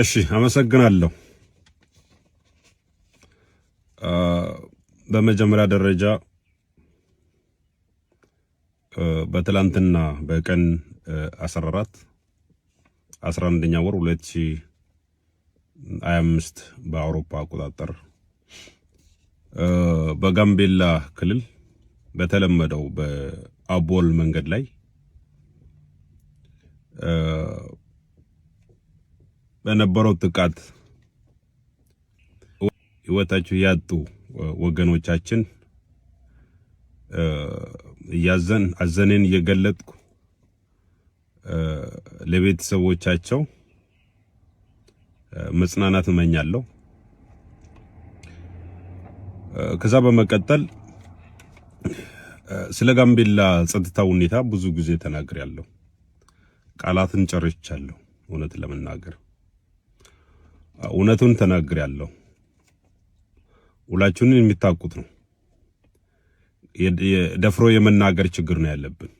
እሺ አመሰግናለሁ። በመጀመሪያ ደረጃ በትላንትና በቀን 14 11ኛ ወር 2025 በአውሮፓ አቆጣጠር በጋምቤላ ክልል በተለመደው በአቦል መንገድ ላይ በነበረው ጥቃት ህይወታቸው ያጡ ወገኖቻችን እያዘን አዘኔን እየገለጥኩ ለቤተሰቦቻቸው መጽናናት እመኛለሁ። ከዛ በመቀጠል ስለ ጋምቤላ ጸጥታ ሁኔታ ብዙ ጊዜ ተናግሬያለሁ። ቃላትን ጨርቻለሁ እውነት ለመናገር እውነቱን ተናግር ያለው ሁላችሁን የሚታቁት ነው። ደፍሮ የመናገር ችግር ነው ያለብን።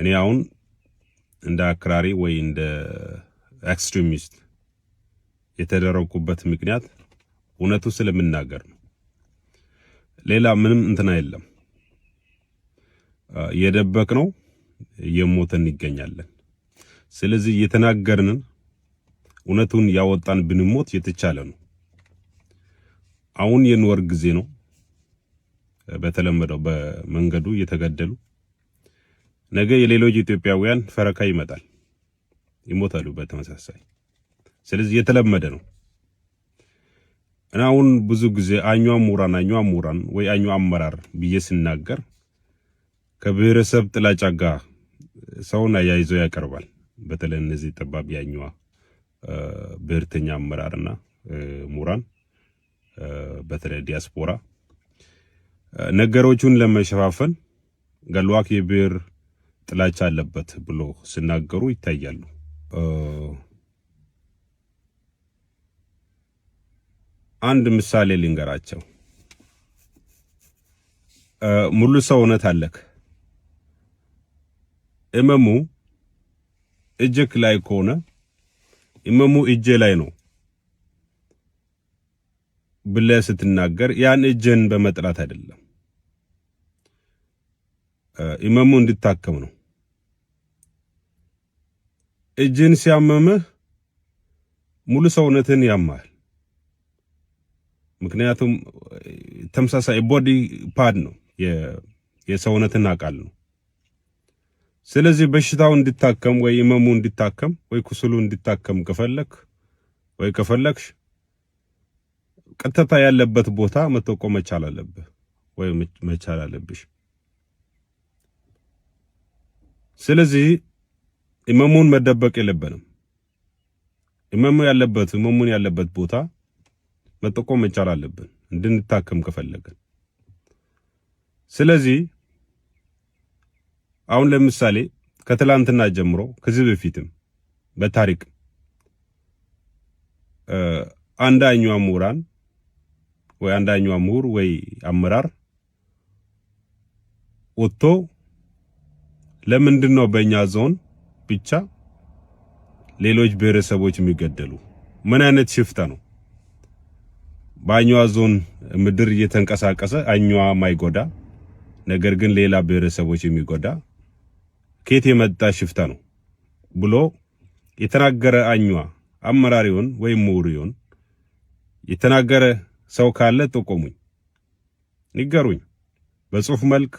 እኔ አሁን እንደ አክራሪ ወይ እንደ ኤክስትሪሚስት የተደረጉበት ምክንያት እውነቱ ስለምናገር ነው። ሌላ ምንም እንትና የለም። የደበቅ ነው የሞተን ይገኛለን። ስለዚህ እየተናገርንን እውነቱን ያወጣን ብንሞት የተቻለ ነው። አሁን የኖር ጊዜ ነው። በተለመደው በመንገዱ እየተገደሉ ነገ የሌሎች ኢትዮጵያውያን ፈረካ ይመጣል፣ ይሞታሉ በተመሳሳይ። ስለዚህ የተለመደ ነው እና አሁን ብዙ ጊዜ አኛ ምሁራን አኛ ሙራን ወይ አኛ አመራር ብዬ ስናገር ከብሔረሰብ ጥላጫ ጋር ሰውን አያይዞ ያቀርባል። በተለይ እነዚህ ጠባብ ያኛዋ ብሔርተኛ አመራርና ምሁራን በተለይ ዲያስፖራ ነገሮቹን ለመሸፋፈን ገሏክ የብሔር ጥላቻ አለበት ብሎ ሲናገሩ ይታያሉ። አንድ ምሳሌ ልንገራቸው። ሙሉ ሰው ሰውነት አለክ እመሙ እጅክ ላይ ከሆነ እመሙ እጄ ላይ ነው ብለህ ስትናገር ያን እጀን በመጥላት አይደለም፣ እመሙ እንድታከም ነው። እጀን ሲያመምህ ሙሉ ሰውነትን ያማል። ምክንያቱም ተመሳሳይ ቦዲ ፓድ ነው፣ የሰውነትን አቃል ነው። ስለዚህ በሽታው እንዲታከም ወይ ህመሙ እንዲታከም ወይ ቁስሉ እንዲታከም ከፈለክ ወይ ከፈለክሽ ቀጥታ ያለበት ቦታ መጠቆም መቻል አለብህ ወይ መቻል አለብሽ። ስለዚህ ህመሙን መደበቅ የለብንም። ህመሙ ያለበት ህመሙን ያለበት ቦታ መጠቆም መቻል አለብን እንድንታከም ከፈለግን ስለዚህ አሁን ለምሳሌ ከትላንትና ጀምሮ ከዚህ በፊትም በታሪክ አንዳኛዋ ምሁራን ወይ አንዳኛዋ ምሁር ወይ አመራር ወጥቶ ለምንድን ነው በእኛ ዞን ብቻ ሌሎች ብሔረሰቦች የሚገደሉ? ምን አይነት ሽፍታ ነው? በአኛዋ ዞን ምድር እየተንቀሳቀሰ አኛዋ ማይጎዳ ነገር ግን ሌላ ብሔረሰቦች የሚጎዳ ከየት የመጣ ሽፍታ ነው ብሎ የተናገረ አኟ አመራሪውን ወይም ምሁሪውን የተናገረ ሰው ካለ ጠቆሙኝ፣ ንገሩኝ። በጽሁፍ መልክ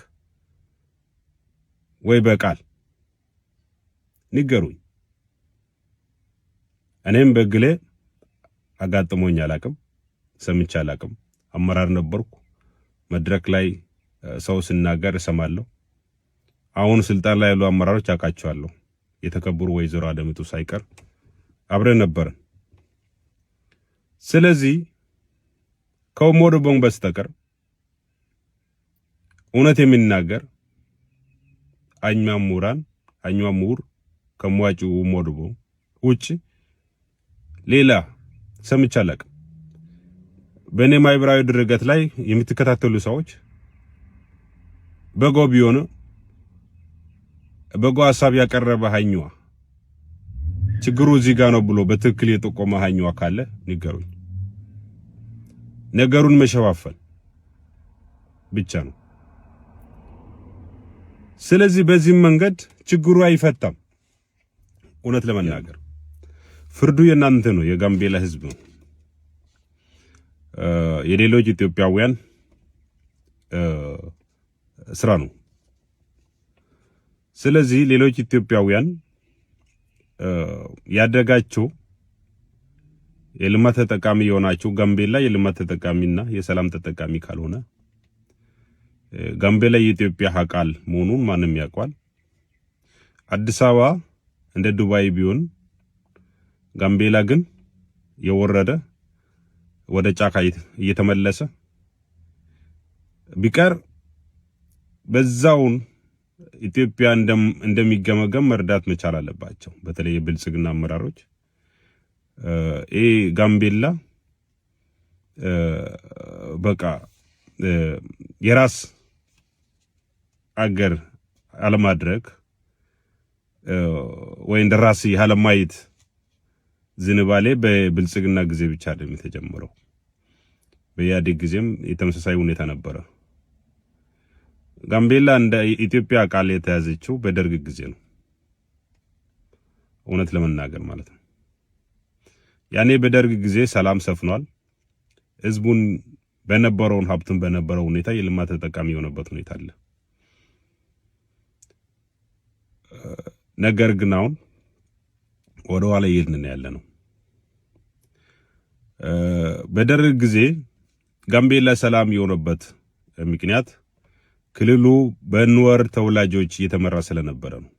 ወይ በቃል ንገሩኝ። እኔም በግሌ አጋጥሞኝ አላቅም፣ ሰምቼ አላቅም። አመራር ነበርኩ። መድረክ ላይ ሰው ሲናገር እሰማለሁ። አሁን ስልጣን ላይ ያሉ አመራሮች አውቃቸዋለሁ። የተከበሩ ወይዘሮ አዳምጡ ሳይቀር አብረን ነበርን። ስለዚህ ከኡሞ ቦንግ በስተቀር እውነት የሚናገር አኝማ ምሁራን አኝማ ምሁር ከሟጩ ኡሞ ቦንግ ውጭ ሌላ ሰምቼ አላቅም። በእኔ ማህበራዊ ድረገጽ ላይ የምትከታተሉ ሰዎች በጎ ቢሆኑ በጎ ሀሳብ ያቀረበ ሀኝዋ ችግሩ እዚህ ጋር ነው ብሎ በትክክል የጠቆመ ሀኝዋ ካለ ንገሩኝ። ነገሩን መሸፋፈል ብቻ ነው። ስለዚህ በዚህም መንገድ ችግሩ አይፈታም። እውነት ለመናገር ፍርዱ የእናንተ ነው፣ የጋምቤላ ህዝብ ነው። የሌሎች ኢትዮጵያውያን ስራ ነው። ስለዚህ ሌሎች ኢትዮጵያውያን ያደጋችሁ የልማት ተጠቃሚ የሆናችሁ ጋምቤላ የልማት ተጠቃሚና የሰላም ተጠቃሚ ካልሆነ ጋምቤላ የኢትዮጵያ አካል መሆኑን ማንም ያውቋል። አዲስ አበባ እንደ ዱባይ ቢሆን ጋምቤላ ግን የወረደ ወደ ጫካ እየተመለሰ ቢቀር በዛውን ኢትዮጵያ እንደሚገመገም መርዳት መቻል አለባቸው። በተለይ የብልጽግና አመራሮች ይህ ጋምቤላ በቃ የራስ አገር አለማድረግ ወይ እንደ ራስ ያለማየት ዝንባሌ በብልጽግና ጊዜ ብቻ አይደለም የተጀመረው። በኢህአዴግ ጊዜም የተመሳሳይ ሁኔታ ነበረ። ጋምቤላ እንደ ኢትዮጵያ ቃል የተያዘችው በደርግ ጊዜ ነው። እውነት ለመናገር ማለት ነው። ያኔ በደርግ ጊዜ ሰላም ሰፍኗል። ህዝቡን በነበረውን ሀብቱን በነበረው ሁኔታ የልማት ተጠቃሚ የሆነበት ሁኔታ አለ። ነገር ግን አሁን ወደ ኋላ እየሄድን ያለ ነው። በደርግ ጊዜ ጋምቤላ ሰላም የሆነበት ምክንያት ክልሉ በንወር ተወላጆች እየተመራ ስለነበረ ነው።